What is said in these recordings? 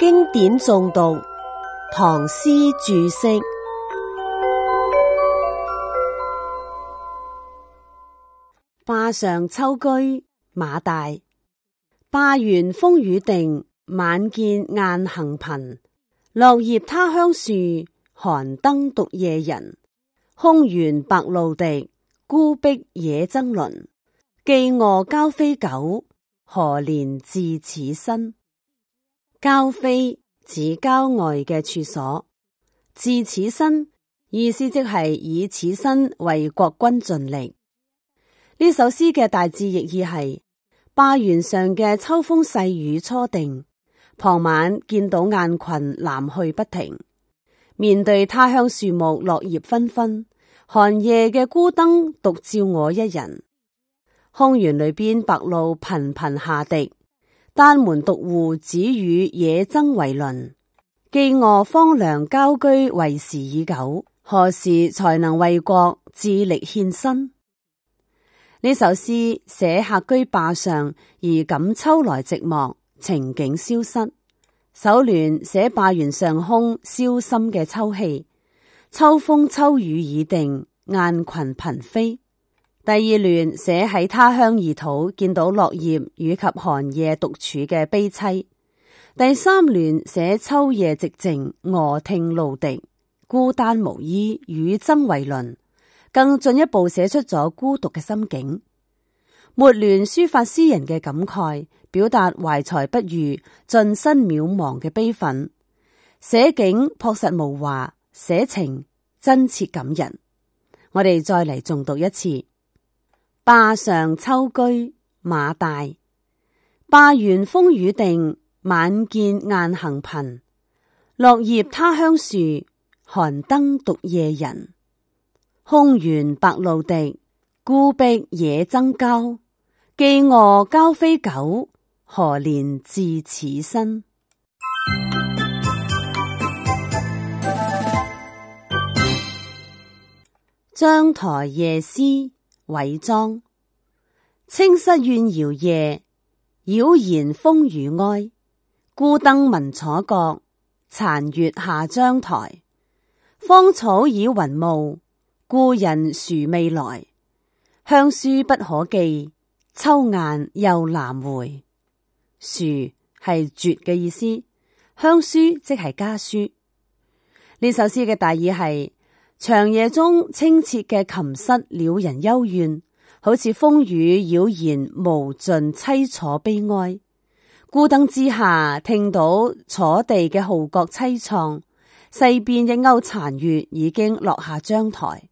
經典誦讀，唐詩注釋。灞上秋居，馬大，灞原風雨定，晚見雁行頻。落葉他鄉樹，寒燈獨夜人。空園白露地，孤壁野僧倫。寄臥交扉狗，何年至此身？郊扉指郊外嘅處所，致此身意思即係以此身為國君盡力。呢首詩嘅大致意義係：灞原上嘅秋風細雨初定，傍晚見到雁群南去不停，面對他鄉樹木落葉紛紛，寒夜嘅孤燈獨照我一人，空園裏邊白露頻頻，頻下滴。單門獨戶語，只與野僧為鄰。飢餓荒涼，郊居為時已久。何時才能為國致力獻身？呢首詩寫客居灞上而感秋來寂寞，情景消失。首聯寫灞原上空蕭森嘅秋氣，秋風秋雨已定，雁群頻飛。第二聯寫喺他鄉異土，見到落葉以及寒夜獨處嘅悲淒。第三聯寫秋夜寂靜，卧聽露滴，孤單無依，與僧為鄰，更進一步寫出咗孤獨嘅心境。末聯抒發詩人嘅感慨，表達懷才不遇、盡身渺茫嘅悲憤。寫景朴實無華，寫情真切感人。我哋再嚟重讀一次。灞上秋居，馬戴。灞原風雨定，晚見雁行頻。落葉他鄉樹，寒燈獨夜人。空園白露滴，孤壁野僧交。寄臥郊扉久，何年致此身？張 台夜思。韋莊：清瑟怨遙夜，繞弦風雨哀。孤燈聞楚角，殘月下章台。芳草已雲暮，故人殊未來。鄉書不可寄，秋雁又南回。殊係絕嘅意思，鄉書即係家書。呢首詩嘅大意係。長夜中清澈嘅琴室擾人幽怨，好似風雨擾然無盡凄楚悲哀。孤燈之下聽到楚地嘅號角淒愴，西邊嘅鈎殘月已經落下章台。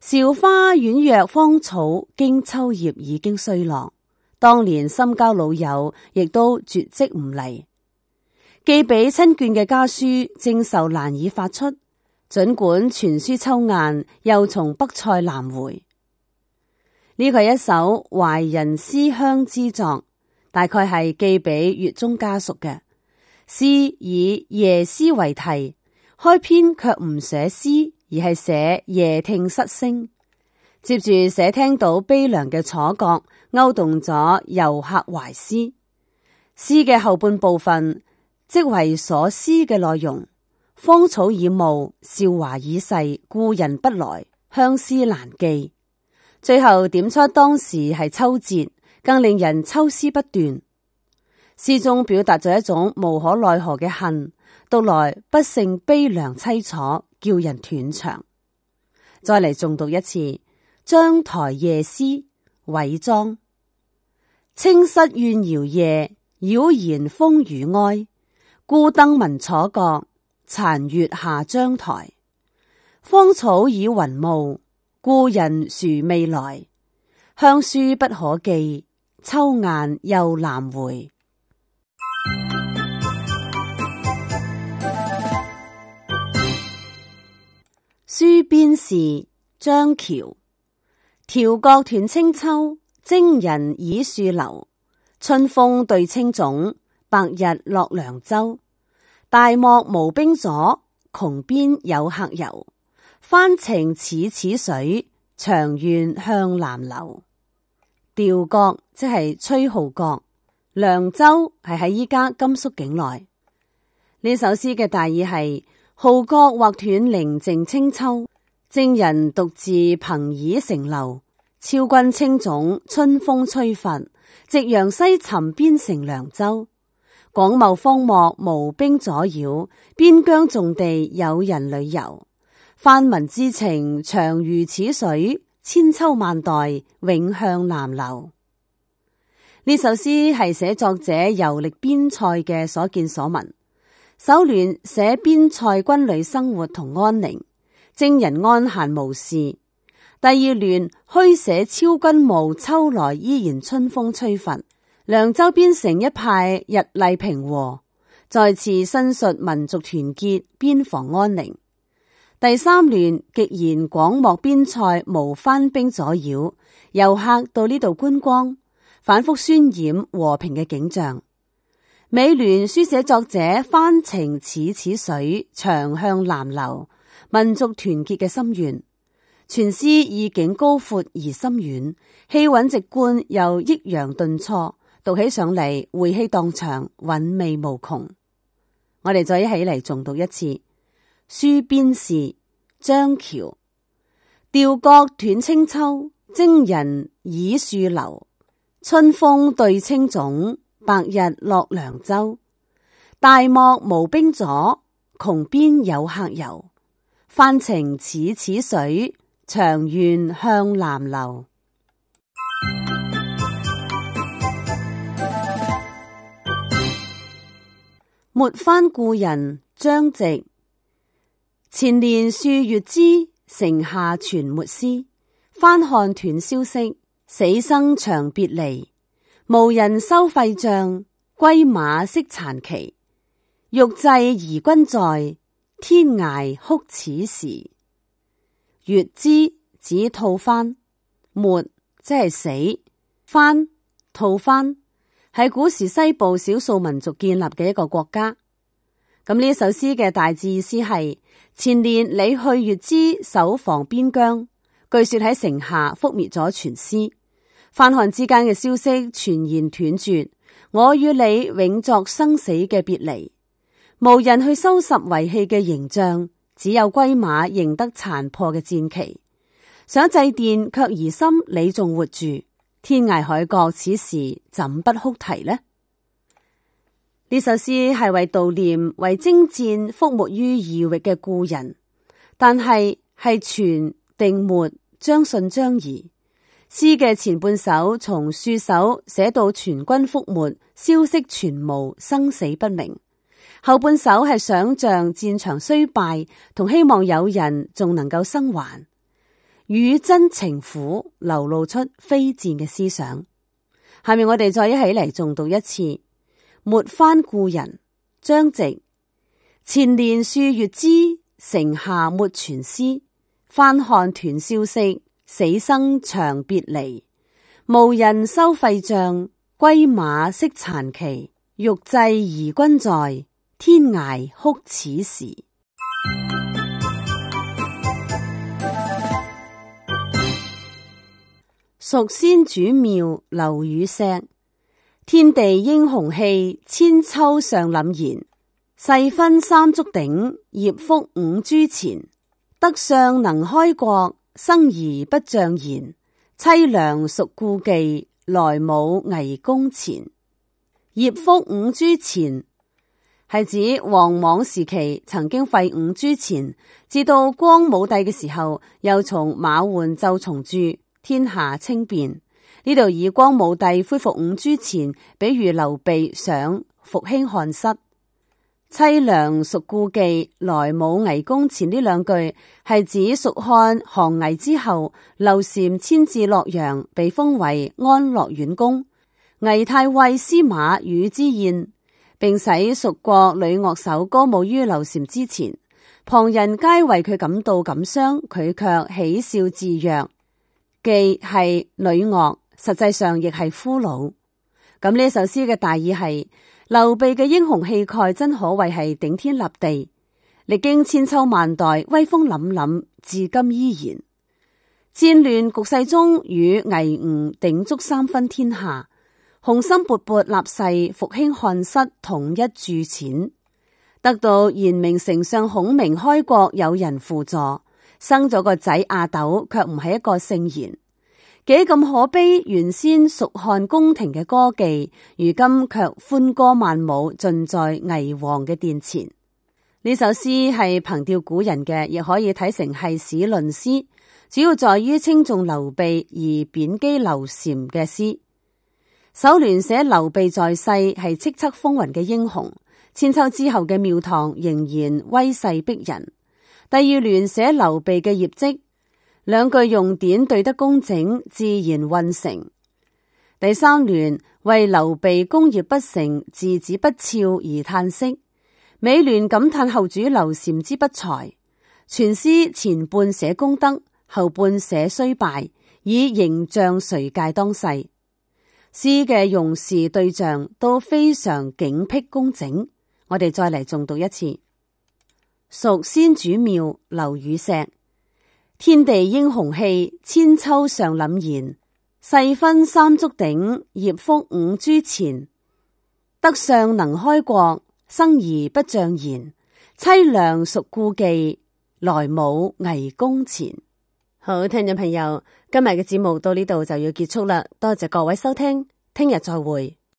韶花宛若芳草經秋葉已經衰落，當年深交老友亦都絕迹唔嚟，寄俾親眷嘅家書正愁難以發出。盡管傳書秋雁，又從北塞南回。呢個係一首懷人思鄉之作，大概係寄畀越中家屬嘅。詩以夜思為題，開篇卻唔寫詩，而係寫夜聽失聲，接住寫聽到悲涼嘅楚角，勾動咗遊客懷思。詩嘅後半部分即為所思嘅內容。芳草已暮，韶華已逝，故人不來，相思難寄。最後點出當時係秋節，更令人秋思不斷。詩中表達咗一種無可奈何嘅恨，讀來不勝悲涼淒楚，叫人斷腸。再嚟重讀一次《章台夜思》韋莊，清瑟怨遙夜，繞弦風雨哀，孤燈聞楚角。殘月下章台，芳草已雲暮，故人殊未來。鄉書不可寄，秋雁又南回。 書邊事，張喬，調角斷清秋，征人倚戍樓，春風對青冢，白日落梁州。大漠無兵阻，窮邊有客遊。翻情似此水，長願向南流。調角即係吹號角，涼州係喺依家甘肅境內。呢首詩嘅大意係：號角劃斷寧靜清秋，征人獨自憑倚城樓。昭君青冢，春風吹拂，夕陽西沉，邊城涼州。廣袤荒漠無兵阻擾，邊疆重地有人旅遊。泛民之情長如此水，千秋萬代永向南流。呢首詩係寫作者遊歷邊塞嘅所見所聞。首聯寫邊塞軍旅生活同安寧，征人安閒無事。第二聯虛寫超軍務，秋來依然春風吹拂。涼州邊城一派日麗平和，再次申述民族團結、邊防安寧。第三聯極然廣漠邊塞無番兵阻擾，遊客到呢度觀光，反覆渲染和平嘅景象。美聯書寫作者番情似此水，長向南流，民族團結嘅心願。全詩意境高闊而深遠，氣韻直觀又抑揚頓挫。讀起上嚟，回氣蕩腸，韻味無窮。我哋再一起嚟重讀一次《書邊事》，張喬。調角斷清秋，征人倚戍樓。春風對青冢，白日落涼州。大漠無兵阻，窮邊有客游。蕃情似此水，長願向南流。沒蕃故人，張籍。前年戍月支，城下全沒師。蕃漢斷消息，死生長別離。無人收廢帳，歸馬識殘旗。欲祭疑君在，天涯哭此時。月支指吐蕃，沒即係死，蕃，吐蕃。係古時西部少數民族建立嘅一個國家。咁呢首詩嘅大致意思係：前年你去月支守防邊疆，據說喺城下覆滅咗全師，蕃漢之間嘅消息全然斷絕。我與你永作生死嘅別離，無人去收拾遺棄嘅營帳，只有歸馬認得殘破嘅戰旗。想祭奠卻疑心你仲活住。天涯海角，此時怎不哭啼呢？呢首詩係為悼念為征戰覆沒於異域嘅故人，但係係全定末將信將疑。詩嘅前半首從樹手寫到全軍覆沒，消息全無，生死不明；後半首係想象戰場雖敗，同希望有人仲能夠生還。與真情苦流露出非戰嘅思想。下面我哋再一起嚟誦讀一次《沒蕃故人》，張籍。前年數月支，城下沒全師，蕃漢斷消息，死生長別離。無人收廢帳，歸馬識殘旗。欲祭疑君在，天涯哭此時。蜀先主廟劉禹錫，天地英雄氣，千秋尚凛然。勢分三足鼎，業復五銖錢。得相能開國，生而不象賢。凄涼蜀故妓，來舞危宮前。業復五銖錢係指王莽時期曾經廢五銖錢，至到光武帝嘅時候，又從馬援就重鑄。天下清變呢度以光武帝恢復五銖錢，比如劉備想復興漢室，淒涼蜀故妓，來舞魏宮前呢兩句係指蜀漢降魏之後，劉禪遷至洛陽，被封為安樂縣公魏太尉司馬羽之宴，並使蜀國女樂手歌舞於劉禪之前，旁人皆為佢感到感傷，佢卻喜笑自若。既係女樂，實際上亦係俘虜。咁呢首詩嘅大意係：劉備嘅英雄氣概真可謂係頂天立地，歷經千秋萬代，威風凜凜，至今依然。戰亂局勢中與魏吳鼎足三分天下，雄心勃勃立誓復興漢室，統一鑄錢，得到賢明丞相孔明開國，有人輔助。生咗個仔阿斗，卻唔係一個聖賢，幾咁可悲！原先蜀漢宮廷嘅歌妓，如今卻歡歌曼舞，盡在魏王嘅殿前。呢首詩係憑吊古人嘅，亦可以睇成係史論詩，主要在於稱頌劉備而貶低劉禪嘅詩。首聯寫劉備在世係叱咤風雲嘅英雄，千秋之後嘅廟堂仍然威勢逼人。第二聯寫劉備嘅業績，兩句用典對得工整，自然混成。第三聯為劉備功業不成，自知不肖而嘆息。尾聯感嘆後主劉禪之不才。全詩前半寫功德，後半寫衰敗，以形象垂戒當世。詩嘅用事對象都非常警惕工整，我哋再嚟重讀一次。蜀先主廟劉禹錫。天地英雄氣，千秋尚凜然。勢分三足鼎，業復五銖錢。得相能開國，生兒不象賢。凄涼蜀故伎，來舞魏宮前。好，聽眾朋友，今日嘅節目到呢度就要結束啦，多謝各位收聽，聽日再會。